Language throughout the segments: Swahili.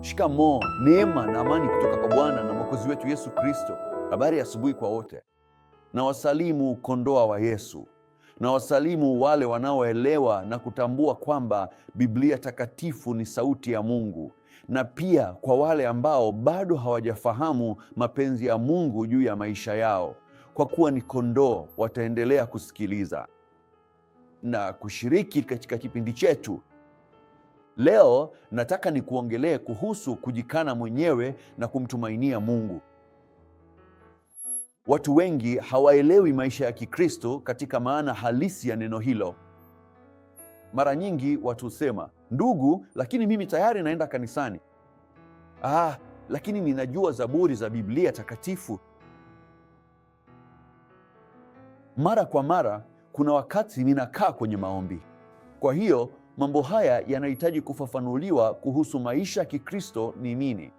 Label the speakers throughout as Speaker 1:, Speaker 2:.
Speaker 1: Shikamoo. Neema na amani kutoka kwa Bwana na mwokozi wetu Yesu Kristo. Habari ya asubuhi kwa wote. Na wasalimu kondoa wa Yesu, na wasalimu wale wanaoelewa na kutambua kwamba Biblia takatifu ni sauti ya Mungu, na pia kwa wale ambao bado hawajafahamu mapenzi ya Mungu juu ya maisha yao. Kwa kuwa ni kondoo, wataendelea kusikiliza na kushiriki katika kipindi chetu Leo nataka nikuongelee kuhusu kujikana mwenyewe na kumtumainia Mungu. Watu wengi hawaelewi maisha ya Kikristo katika maana halisi ya neno hilo. Mara nyingi watu husema, ndugu, lakini mimi tayari naenda kanisani. Ah, lakini ninajua Zaburi za Biblia takatifu. Mara kwa mara kuna wakati ninakaa kwenye maombi. Kwa hiyo Mambo haya yanahitaji kufafanuliwa kuhusu maisha ya Kikristo ni nini.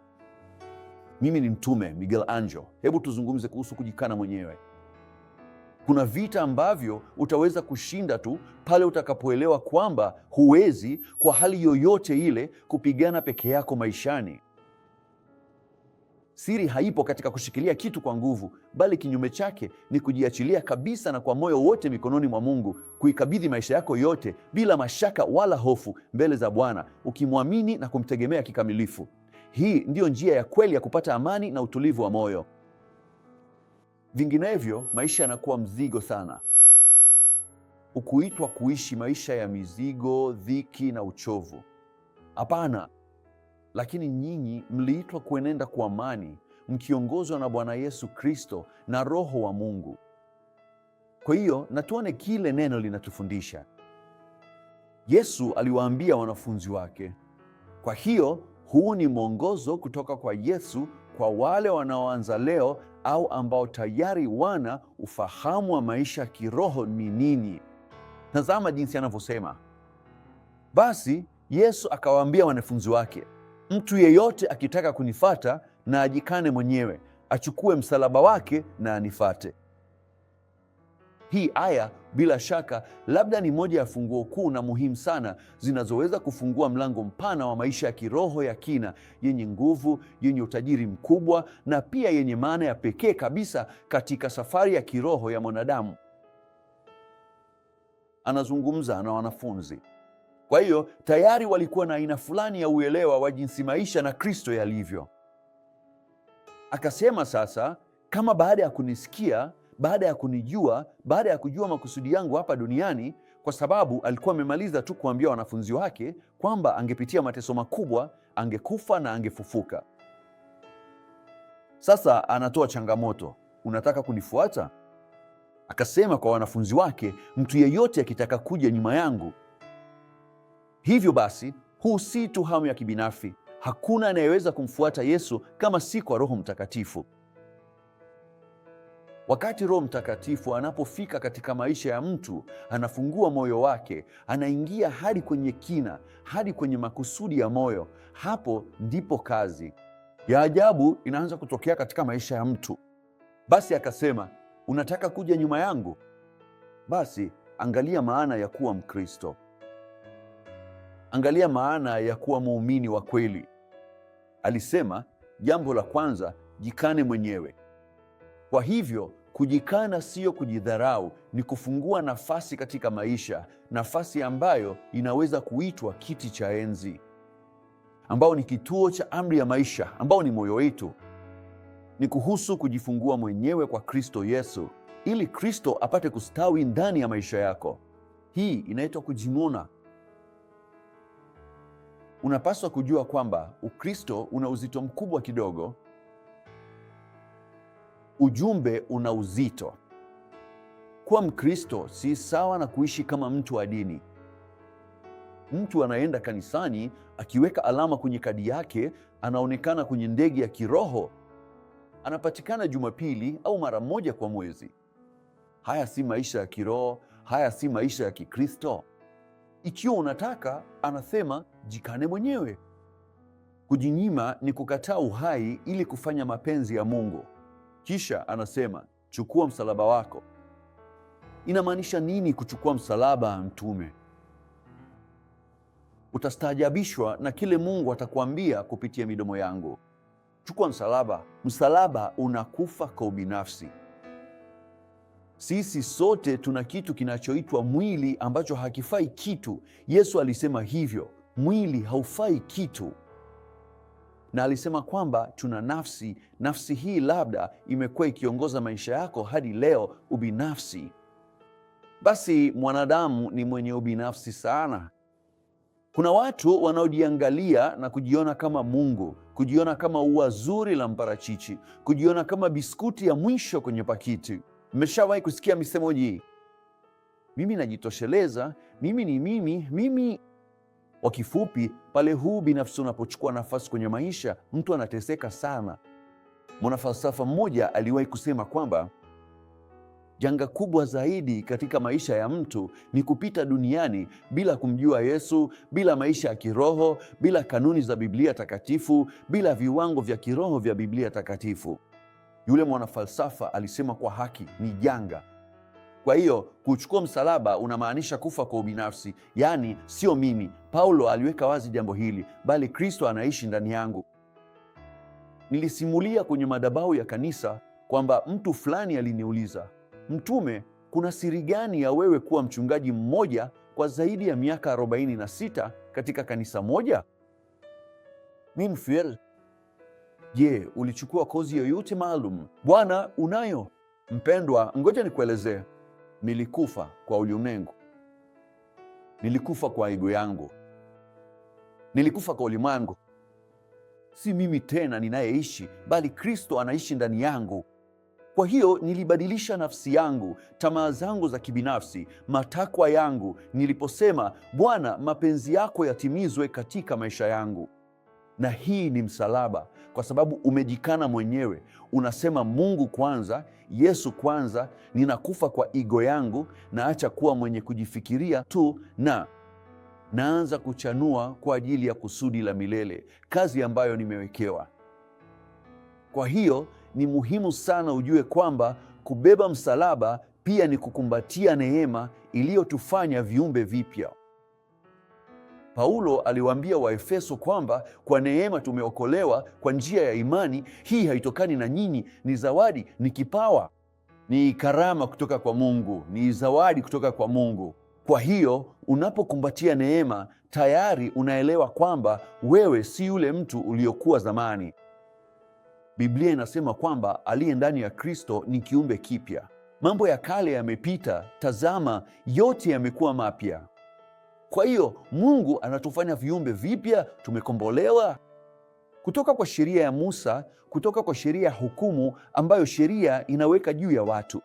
Speaker 1: Mimi ni mtume Miguel Angel. Hebu tuzungumze kuhusu kujikana mwenyewe. Kuna vita ambavyo utaweza kushinda tu pale utakapoelewa kwamba huwezi kwa hali yoyote ile kupigana peke yako maishani. Siri haipo katika kushikilia kitu kwa nguvu, bali kinyume chake ni kujiachilia kabisa na kwa moyo wote mikononi mwa Mungu, kuikabidhi maisha yako yote bila mashaka wala hofu mbele za Bwana, ukimwamini na kumtegemea kikamilifu. Hii ndiyo njia ya kweli ya kupata amani na utulivu wa moyo. Vinginevyo maisha yanakuwa mzigo sana. Ukuitwa kuishi maisha ya mizigo, dhiki na uchovu. Hapana lakini nyinyi mliitwa kuenenda kwa amani, mkiongozwa na Bwana Yesu Kristo na Roho wa Mungu. Kwa hiyo natuone kile neno linatufundisha. Yesu aliwaambia wanafunzi wake, kwa hiyo huu ni mwongozo kutoka kwa Yesu kwa wale wanaoanza leo au ambao tayari wana ufahamu wa maisha ya kiroho ni nini. Tazama jinsi anavyosema: basi Yesu akawaambia wanafunzi wake Mtu yeyote akitaka kunifata na ajikane mwenyewe, achukue msalaba wake na anifate. Hii aya bila shaka labda ni moja ya funguo kuu na muhimu sana zinazoweza kufungua mlango mpana wa maisha ya kiroho ya kina yenye nguvu, yenye utajiri mkubwa na pia yenye maana ya pekee kabisa katika safari ya kiroho ya mwanadamu. Anazungumza na wanafunzi kwa hiyo tayari walikuwa na aina fulani ya uelewa wa jinsi maisha na Kristo yalivyo. Akasema sasa, kama baada ya kunisikia, baada ya kunijua, baada ya kujua makusudi yangu hapa duniani, kwa sababu alikuwa amemaliza tu kuambia wanafunzi wake kwamba angepitia mateso makubwa, angekufa na angefufuka. Sasa anatoa changamoto, unataka kunifuata? Akasema kwa wanafunzi wake, mtu yeyote akitaka kuja nyuma yangu Hivyo basi, huu si tu hamu ya kibinafsi. Hakuna anayeweza kumfuata Yesu kama si kwa Roho Mtakatifu. Wakati Roho Mtakatifu anapofika katika maisha ya mtu, anafungua moyo wake, anaingia hadi kwenye kina, hadi kwenye makusudi ya moyo. Hapo ndipo kazi ya ajabu inaanza kutokea katika maisha ya mtu. Basi akasema, unataka kuja nyuma yangu? Basi angalia maana ya kuwa Mkristo. Angalia maana ya kuwa muumini wa kweli. Alisema jambo la kwanza, jikane mwenyewe. Kwa hivyo kujikana siyo kujidharau, ni kufungua nafasi katika maisha, nafasi ambayo inaweza kuitwa kiti cha enzi, ambao ni kituo cha amri ya maisha, ambao ni moyo wetu. Ni kuhusu kujifungua mwenyewe kwa Kristo Yesu ili Kristo apate kustawi ndani ya maisha yako. Hii inaitwa kujimona unapaswa kujua kwamba Ukristo una uzito mkubwa kidogo. Ujumbe una uzito. Kuwa Mkristo si sawa na kuishi kama mtu wa dini. Mtu anaenda kanisani akiweka alama kwenye kadi yake, anaonekana kwenye ndege ya kiroho, anapatikana Jumapili au mara moja kwa mwezi. Haya si maisha ya kiroho, haya si maisha ya Kikristo. Ikiwa unataka, anasema jikane mwenyewe. Kujinyima ni kukataa uhai ili kufanya mapenzi ya Mungu. Kisha anasema chukua msalaba wako. Inamaanisha nini kuchukua msalaba, mtume? Utastaajabishwa na kile Mungu atakuambia kupitia midomo yangu. Chukua msalaba. Msalaba unakufa kwa ubinafsi. Sisi sote tuna kitu kinachoitwa mwili ambacho hakifai kitu. Yesu alisema hivyo, mwili haufai kitu, na alisema kwamba tuna nafsi. Nafsi hii labda imekuwa ikiongoza maisha yako hadi leo, ubinafsi. Basi mwanadamu ni mwenye ubinafsi sana. Kuna watu wanaojiangalia na kujiona kama Mungu, kujiona kama ua zuri la mparachichi, kujiona kama biskuti ya mwisho kwenye pakiti. Mmeshawahi kusikia misemo hii, mimi najitosheleza, mimi ni mimi, mimi. Kwa kifupi, pale huu binafsi unapochukua nafasi kwenye maisha, mtu anateseka sana. Mwanafalsafa mmoja aliwahi kusema kwamba janga kubwa zaidi katika maisha ya mtu ni kupita duniani bila kumjua Yesu, bila maisha ya kiroho, bila kanuni za Biblia takatifu, bila viwango vya kiroho vya Biblia takatifu. Yule mwanafalsafa alisema kwa haki ni janga. Kwa hiyo kuchukua msalaba unamaanisha kufa kwa ubinafsi, yaani sio mimi. Paulo aliweka wazi jambo hili, bali Kristo anaishi ndani yangu. Nilisimulia kwenye madhabahu ya kanisa kwamba mtu fulani aliniuliza, mtume, kuna siri gani ya wewe kuwa mchungaji mmoja kwa zaidi ya miaka 46 katika kanisa moja? fiel Je, ulichukua kozi yoyote maalum? Bwana unayo? Mpendwa, ngoja nikuelezee. Nilikufa kwa ulimwengu, nilikufa kwa ego yangu, nilikufa kwa ulimwengu. Si mimi tena ninayeishi, bali Kristo anaishi ndani yangu. Kwa hiyo nilibadilisha nafsi yangu, tamaa zangu za kibinafsi, matakwa yangu, niliposema Bwana, mapenzi yako yatimizwe katika maisha yangu. Na hii ni msalaba kwa sababu umejikana mwenyewe. Unasema Mungu kwanza, Yesu kwanza, ninakufa kwa igo yangu, naacha kuwa mwenye kujifikiria tu na naanza kuchanua kwa ajili ya kusudi la milele, kazi ambayo nimewekewa. Kwa hiyo ni muhimu sana ujue kwamba kubeba msalaba pia ni kukumbatia neema iliyotufanya viumbe vipya. Paulo aliwaambia Waefeso kwamba kwa neema tumeokolewa kwa njia ya imani. Hii haitokani na nyinyi, ni zawadi, ni kipawa, ni karama kutoka kwa Mungu, ni zawadi kutoka kwa Mungu. Kwa hiyo unapokumbatia neema, tayari unaelewa kwamba wewe si yule mtu uliokuwa zamani. Biblia inasema kwamba aliye ndani ya Kristo ni kiumbe kipya, mambo ya kale yamepita, tazama, yote yamekuwa mapya. Kwa hiyo Mungu anatufanya viumbe vipya, tumekombolewa kutoka kwa sheria ya Musa, kutoka kwa sheria ya hukumu ambayo sheria inaweka juu ya watu.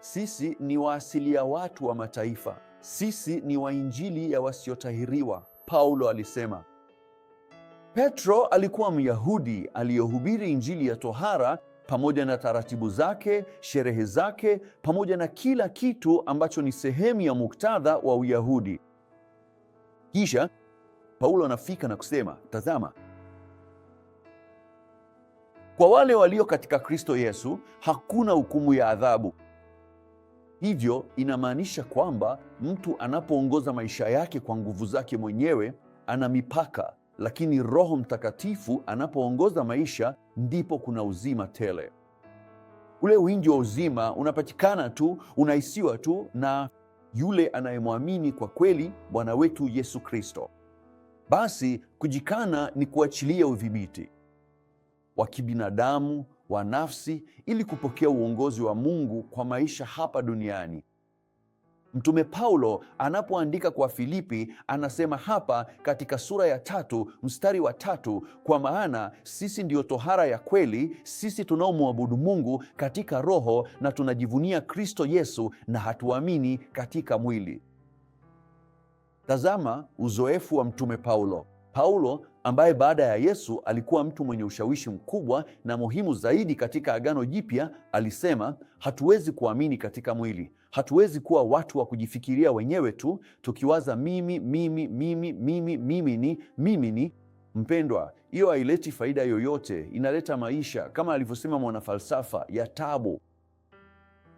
Speaker 1: Sisi ni waasilia watu wa mataifa, sisi ni wainjili ya wasiotahiriwa, Paulo alisema. Petro alikuwa Myahudi aliyehubiri injili ya tohara pamoja na taratibu zake, sherehe zake, pamoja na kila kitu ambacho ni sehemu ya muktadha wa Uyahudi. Kisha Paulo anafika na kusema, tazama, kwa wale walio katika Kristo Yesu hakuna hukumu ya adhabu. Hivyo inamaanisha kwamba mtu anapoongoza maisha yake kwa nguvu zake mwenyewe ana mipaka, lakini Roho Mtakatifu anapoongoza maisha ndipo kuna uzima tele. Ule wingi wa uzima unapatikana tu, unahisiwa tu na yule anayemwamini kwa kweli Bwana wetu Yesu Kristo. Basi kujikana ni kuachilia udhibiti wa kibinadamu wa nafsi ili kupokea uongozi wa Mungu kwa maisha hapa duniani Mtume Paulo anapoandika kwa Filipi anasema hapa katika sura ya tatu mstari wa tatu kwa maana sisi ndiyo tohara ya kweli, sisi tunaomwabudu Mungu katika roho na tunajivunia Kristo Yesu na hatuamini katika mwili. Tazama uzoefu wa Mtume Paulo. Paulo ambaye baada ya Yesu alikuwa mtu mwenye ushawishi mkubwa na muhimu zaidi katika Agano Jipya alisema, hatuwezi kuamini katika mwili Hatuwezi kuwa watu wa kujifikiria wenyewe tu, tukiwaza mimi mimi mimi mimi mimi ni mimi ni. Mpendwa, hiyo haileti faida yoyote, inaleta maisha kama alivyosema mwanafalsafa ya tabu.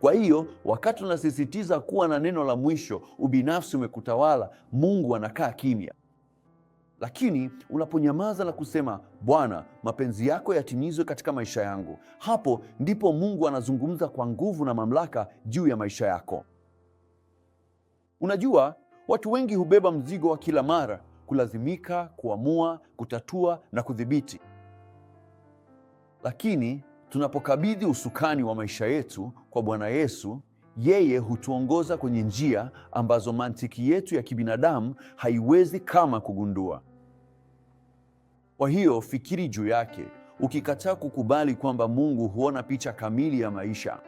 Speaker 1: Kwa hiyo wakati unasisitiza kuwa na neno la mwisho, ubinafsi umekutawala, Mungu anakaa kimya. Lakini unaponyamaza na kusema, Bwana, mapenzi yako yatimizwe katika maisha yangu, hapo ndipo Mungu anazungumza kwa nguvu na mamlaka juu ya maisha yako. Unajua, watu wengi hubeba mzigo wa kila mara, kulazimika, kuamua, kutatua na kudhibiti. Lakini tunapokabidhi usukani wa maisha yetu kwa Bwana Yesu, yeye hutuongoza kwenye njia ambazo mantiki yetu ya kibinadamu haiwezi kama kugundua. Kwa hiyo fikiri juu yake, ukikataa kukubali kwamba Mungu huona picha kamili ya maisha.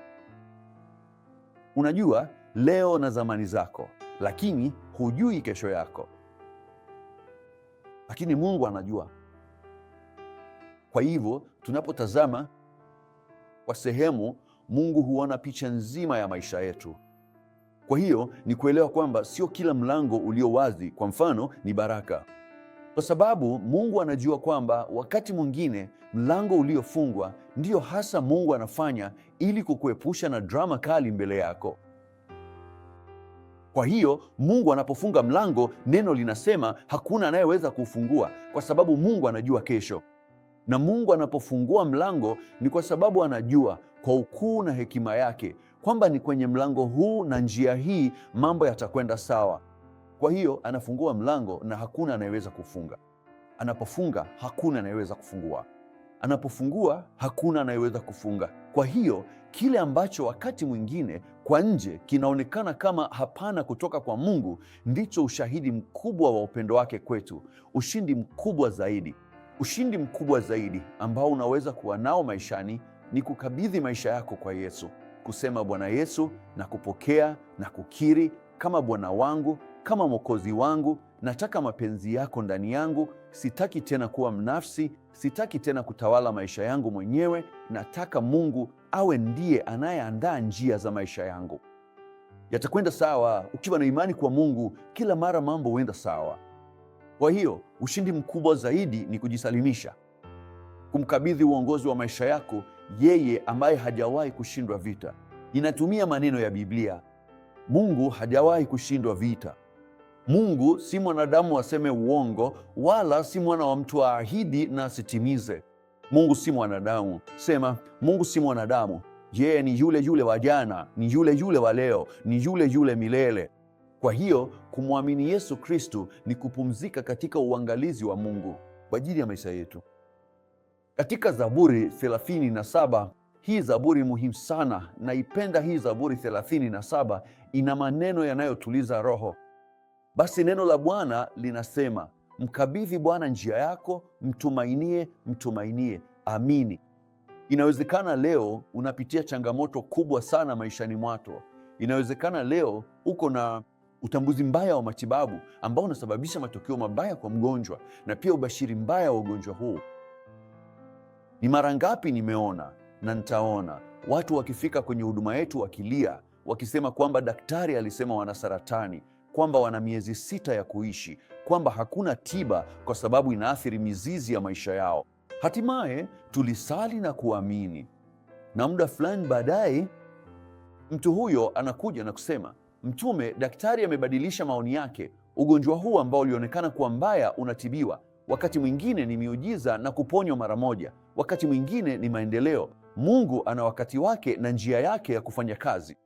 Speaker 1: Unajua leo na zamani zako, lakini hujui kesho yako. Lakini Mungu anajua. Kwa hivyo tunapotazama kwa sehemu, Mungu huona picha nzima ya maisha yetu. Kwa hiyo ni kuelewa kwamba sio kila mlango ulio wazi, kwa mfano, ni baraka kwa sababu Mungu anajua kwamba wakati mwingine mlango uliofungwa ndiyo hasa Mungu anafanya ili kukuepusha na drama kali mbele yako. Kwa hiyo Mungu anapofunga mlango, neno linasema hakuna anayeweza kuufungua, kwa sababu Mungu anajua kesho. Na Mungu anapofungua mlango ni kwa sababu anajua kwa ukuu na hekima yake kwamba ni kwenye mlango huu na njia hii mambo yatakwenda sawa. Kwa hiyo anafungua mlango na hakuna anayeweza kufunga. Anapofunga hakuna anayeweza kufungua. Anapofungua hakuna anayeweza kufunga. Kwa hiyo kile ambacho wakati mwingine kwa nje kinaonekana kama hapana kutoka kwa Mungu ndicho ushahidi mkubwa wa upendo wake kwetu, ushindi mkubwa zaidi. Ushindi mkubwa zaidi ambao unaweza kuwa nao maishani ni kukabidhi maisha yako kwa Yesu, kusema Bwana Yesu, na kupokea na kukiri kama Bwana wangu kama Mwokozi wangu. Nataka mapenzi yako ndani yangu. Sitaki tena kuwa mnafsi, sitaki tena kutawala maisha yangu mwenyewe. Nataka Mungu awe ndiye anayeandaa njia za maisha yangu. Yatakwenda sawa ukiwa na imani kwa Mungu, kila mara mambo huenda sawa. Kwa hiyo ushindi mkubwa zaidi ni kujisalimisha, kumkabidhi uongozi wa maisha yako yeye ambaye hajawahi kushindwa vita. Inatumia maneno ya Biblia, Mungu hajawahi kushindwa vita. Mungu si mwanadamu aseme uongo, wala si mwana wa mtu aahidi na asitimize. Mungu si mwanadamu. Sema, Mungu si mwanadamu. Yeye ni yule yule wa jana, ni yule yule wa leo, ni yule yule milele. Kwa hiyo kumwamini Yesu Kristu ni kupumzika katika uangalizi wa Mungu kwa ajili ya maisha yetu. Katika Zaburi 37, hii zaburi muhimu sana, naipenda hii Zaburi 37, ina maneno yanayotuliza roho. Basi neno la Bwana linasema, mkabidhi Bwana njia yako, mtumainie, mtumainie, amini. Inawezekana leo unapitia changamoto kubwa sana maishani mwako. Inawezekana leo uko na utambuzi mbaya wa matibabu ambao unasababisha matokeo mabaya kwa mgonjwa na pia ubashiri mbaya wa ugonjwa huu. Ni mara ngapi nimeona na nitaona watu wakifika kwenye huduma yetu wakilia, wakisema kwamba daktari alisema wana saratani, kwamba wana miezi sita ya kuishi, kwamba hakuna tiba kwa sababu inaathiri mizizi ya maisha yao. Hatimaye tulisali na kuamini, na muda fulani baadaye mtu huyo anakuja na kusema, Mtume, daktari amebadilisha maoni yake. Ugonjwa huu ambao ulionekana kuwa mbaya unatibiwa. Wakati mwingine ni miujiza na kuponywa mara moja, wakati mwingine ni maendeleo. Mungu ana wakati wake na njia yake ya kufanya kazi.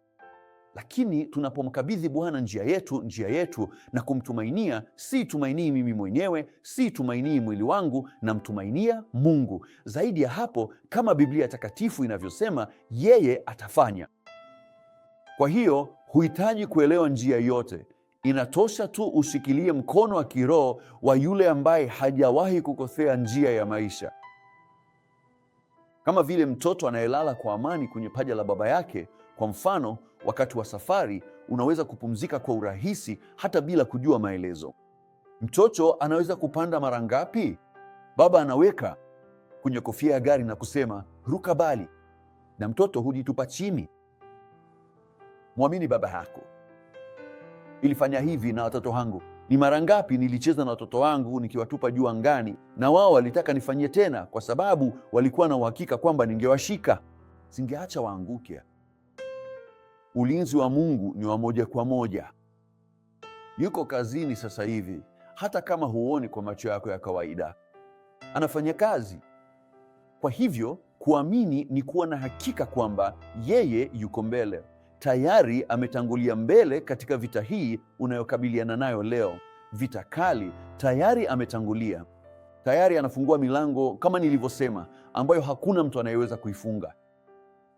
Speaker 1: Lakini tunapomkabidhi Bwana njia yetu, njia yetu na kumtumainia, si tumainii mimi mwenyewe, si tumainii mwili wangu, namtumainia Mungu. Zaidi ya hapo, kama Biblia Takatifu inavyosema, yeye atafanya. Kwa hiyo huhitaji kuelewa njia yote. Inatosha tu ushikilie mkono wa kiroho wa yule ambaye hajawahi kukosea njia ya maisha. Kama vile mtoto anayelala kwa amani kwenye paja la baba yake, kwa mfano wakati wa safari unaweza kupumzika kwa urahisi hata bila kujua maelezo. Mtoto anaweza kupanda mara ngapi? Baba anaweka kwenye kofia ya gari na kusema ruka bali, na mtoto hujitupa chini. Mwamini baba yako. Ilifanya hivi na watoto wangu. Ni mara ngapi nilicheza na watoto wangu nikiwatupa juu angani, na wao walitaka nifanyie tena, kwa sababu walikuwa na uhakika kwamba ningewashika, singeacha waanguke ulinzi wa Mungu ni wa moja kwa moja. Yuko kazini sasa hivi, hata kama huoni kwa macho yako ya kawaida, anafanya kazi. Kwa hivyo kuamini ni kuwa na hakika kwamba yeye yuko mbele tayari, ametangulia mbele katika vita hii unayokabiliana nayo leo, vita kali. Tayari ametangulia, tayari anafungua milango, kama nilivyosema, ambayo hakuna mtu anayeweza kuifunga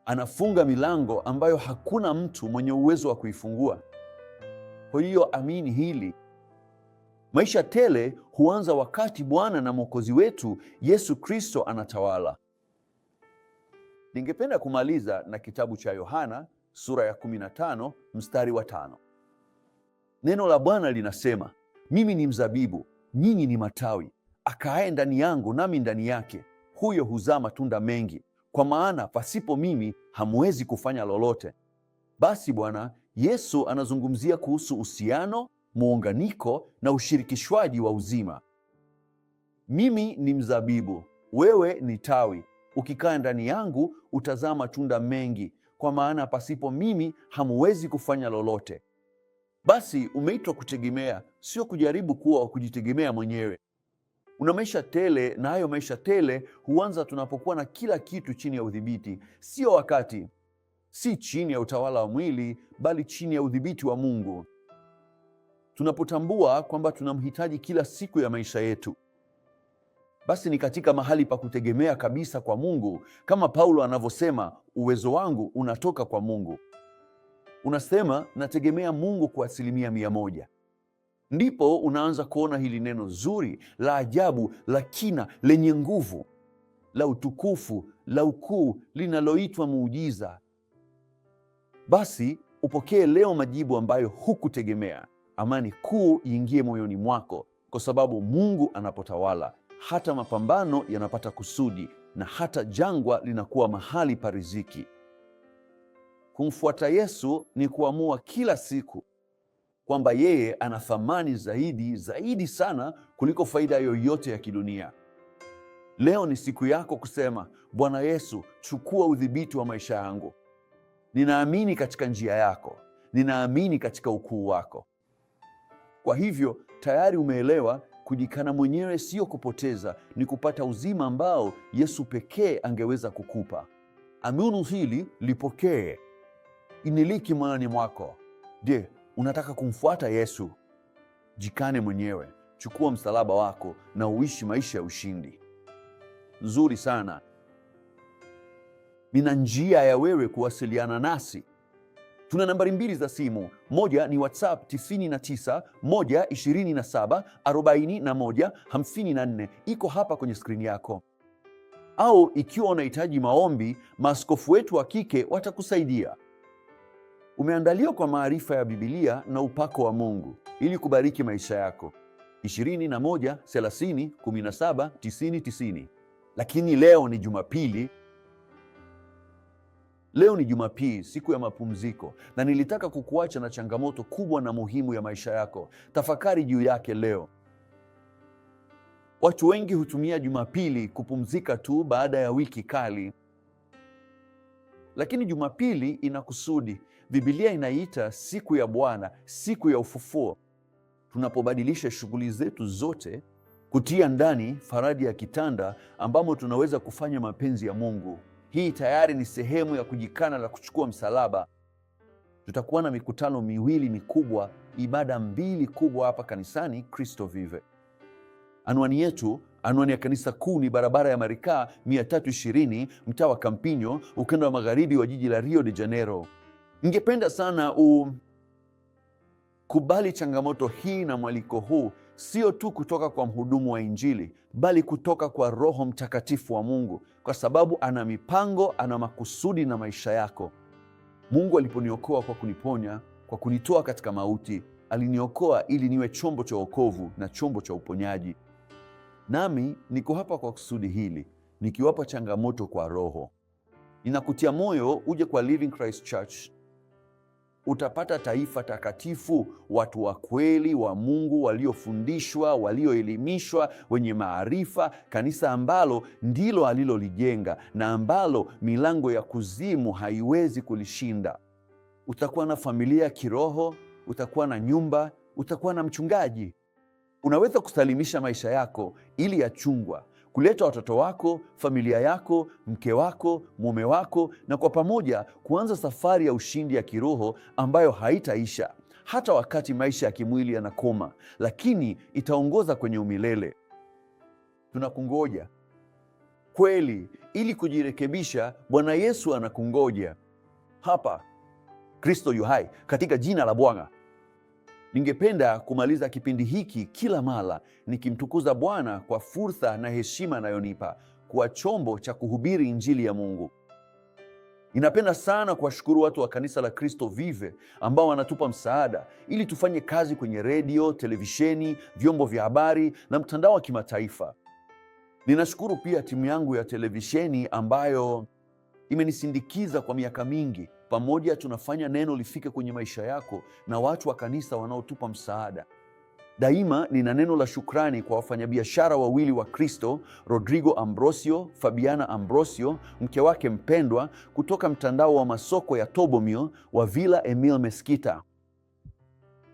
Speaker 1: anafunga milango ambayo hakuna mtu mwenye uwezo wa kuifungua. Kwa hiyo amini hili, maisha tele huanza wakati Bwana na Mwokozi wetu Yesu Kristo anatawala. Ningependa kumaliza na kitabu cha Yohana sura ya 15 mstari wa tano. Neno la Bwana linasema, mimi ni mzabibu, nyinyi ni matawi. Akaaye ndani yangu nami ndani yake, huyo huzaa matunda mengi kwa maana pasipo mimi hamwezi kufanya lolote. Basi Bwana Yesu anazungumzia kuhusu uhusiano, muunganiko na ushirikishwaji wa uzima. Mimi ni mzabibu, wewe ni tawi. Ukikaa ndani yangu utazaa matunda mengi, kwa maana pasipo mimi hamuwezi kufanya lolote. Basi umeitwa kutegemea, sio kujaribu kuwa wa kujitegemea mwenyewe. Una maisha tele, na hayo maisha tele huanza tunapokuwa na kila kitu chini ya udhibiti, sio wakati, si chini ya utawala wa mwili, bali chini ya udhibiti wa Mungu, tunapotambua kwamba tunamhitaji kila siku ya maisha yetu basi ni katika mahali pa kutegemea kabisa kwa Mungu, kama Paulo anavyosema, uwezo wangu unatoka kwa Mungu. Unasema nategemea Mungu kwa asilimia mia moja ndipo unaanza kuona hili neno zuri la ajabu la kina lenye nguvu la utukufu la ukuu linaloitwa muujiza. Basi upokee leo majibu ambayo hukutegemea. Amani kuu iingie moyoni mwako, kwa sababu Mungu anapotawala hata mapambano yanapata kusudi na hata jangwa linakuwa mahali pa riziki. Kumfuata Yesu ni kuamua kila siku kwamba yeye ana thamani zaidi zaidi sana kuliko faida yoyote ya kidunia. Leo ni siku yako kusema, Bwana Yesu, chukua udhibiti wa maisha yangu. Ninaamini katika njia yako, ninaamini katika ukuu wako. Kwa hivyo tayari umeelewa, kujikana mwenyewe sio kupoteza, ni kupata uzima ambao Yesu pekee angeweza kukupa. Amini hili, lipokee, iniliki moyoni mwako. Je, Unataka kumfuata Yesu? Jikane mwenyewe, chukua msalaba wako na uishi maisha ya ushindi. Nzuri sana. Nina njia ya wewe kuwasiliana nasi. Tuna nambari mbili za simu. Moja ni WhatsApp 99 iko hapa kwenye skrini yako, au ikiwa unahitaji maombi, maaskofu wetu wa kike watakusaidia. Umeandaliwa kwa maarifa ya bibilia na upako wa Mungu ili kubariki maisha yako. 21 Lakini leo ni Jumapili. Leo ni Jumapili, siku ya mapumziko, na nilitaka kukuacha na changamoto kubwa na muhimu ya maisha yako. Tafakari juu yake leo. Watu wengi hutumia Jumapili kupumzika tu baada ya wiki kali, lakini Jumapili ina kusudi. Biblia inaita siku ya Bwana siku ya ufufuo, tunapobadilisha shughuli zetu zote kutia ndani faraja ya kitanda ambamo tunaweza kufanya mapenzi ya Mungu. Hii tayari ni sehemu ya kujikana la kuchukua msalaba. Tutakuwa na mikutano miwili mikubwa, ibada mbili kubwa hapa kanisani Kristo Vive. Anwani yetu, anwani ya kanisa kuu ni barabara ya Marikaa 320 mtaa wa Kampinyo, ukanda wa magharibi wa jiji la Rio de Janeiro. Ningependa sana ukubali changamoto hii na mwaliko huu, sio tu kutoka kwa mhudumu wa Injili, bali kutoka kwa Roho Mtakatifu wa Mungu, kwa sababu ana mipango, ana makusudi na maisha yako. Mungu aliponiokoa kwa kuniponya, kwa kunitoa katika mauti, aliniokoa ili niwe chombo cha wokovu na chombo cha uponyaji. Nami niko hapa kwa kusudi hili, nikiwapa changamoto kwa Roho. Ninakutia moyo uje kwa Living Christ Church utapata taifa takatifu, watu wa kweli wa Mungu, waliofundishwa, walioelimishwa, wenye maarifa, kanisa ambalo ndilo alilolijenga na ambalo milango ya kuzimu haiwezi kulishinda. Utakuwa na familia ya kiroho, utakuwa na nyumba, utakuwa na mchungaji. Unaweza kusalimisha maisha yako ili yachungwa kuleta watoto wako, familia yako, mke wako, mume wako, na kwa pamoja kuanza safari ya ushindi ya kiroho ambayo haitaisha hata wakati maisha ya kimwili yanakoma, lakini itaongoza kwenye umilele. Tunakungoja kweli, ili kujirekebisha. Bwana Yesu anakungoja hapa. Kristo yu hai, katika jina la Bwana. Ningependa kumaliza kipindi hiki kila mara nikimtukuza Bwana kwa fursa na heshima anayonipa kuwa chombo cha kuhubiri injili ya Mungu. Ninapenda sana kuwashukuru watu wa kanisa la Kristo Vive ambao wanatupa msaada ili tufanye kazi kwenye redio, televisheni, vyombo vya habari na mtandao wa kimataifa. Ninashukuru pia timu yangu ya televisheni ambayo imenisindikiza kwa miaka mingi pamoja tunafanya neno lifike kwenye maisha yako na watu wa kanisa wanaotupa msaada. Daima nina neno la shukrani kwa wafanyabiashara wawili wa Kristo, Rodrigo Ambrosio, Fabiana Ambrosio, mke wake mpendwa, kutoka mtandao wa masoko ya Tobomio wa Villa Emil Mesquita.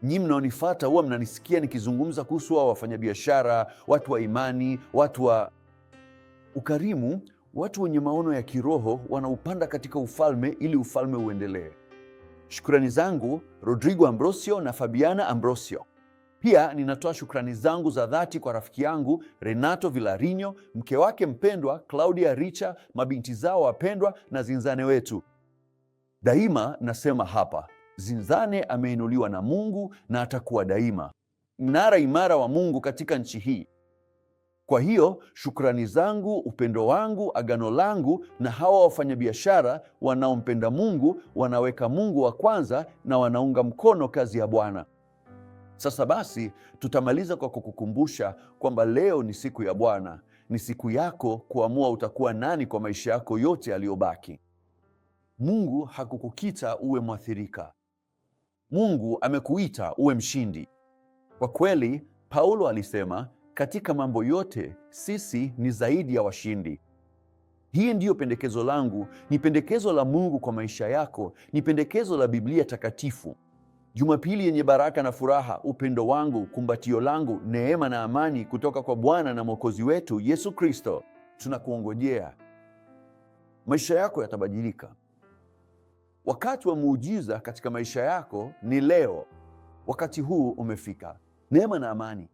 Speaker 1: Nyi mnaonifata huwa mnanisikia nikizungumza kuhusu hao wafanyabiashara, watu wa imani, watu wa ukarimu Watu wenye maono ya kiroho wanaupanda katika ufalme ili ufalme uendelee. Shukrani zangu Rodrigo Ambrosio na Fabiana Ambrosio. Pia ninatoa shukrani zangu za dhati kwa rafiki yangu Renato Vilarinho, mke wake mpendwa Claudia Richa, mabinti zao wapendwa na zinzane wetu. Daima nasema hapa, zinzane ameinuliwa na Mungu na atakuwa daima mnara imara wa Mungu katika nchi hii. Kwa hiyo shukrani zangu, upendo wangu, agano langu na hawa wafanyabiashara wanaompenda Mungu, wanaweka Mungu wa kwanza na wanaunga mkono kazi ya Bwana. Sasa basi, tutamaliza kwa kukukumbusha kwamba leo ni siku ya Bwana, ni siku yako kuamua utakuwa nani kwa maisha yako yote yaliyobaki. Mungu hakukukita uwe mwathirika. Mungu amekuita uwe mshindi. Kwa kweli Paulo alisema katika mambo yote sisi ni zaidi ya washindi. Hii ndiyo pendekezo langu, ni pendekezo la Mungu kwa maisha yako, ni pendekezo la Biblia Takatifu. Jumapili yenye baraka na furaha, upendo wangu, kumbatio langu, neema na amani kutoka kwa Bwana na Mwokozi wetu Yesu Kristo. Tunakuongojea. Maisha yako yatabadilika. Wakati wa muujiza katika maisha yako ni leo. Wakati huu umefika. Neema na amani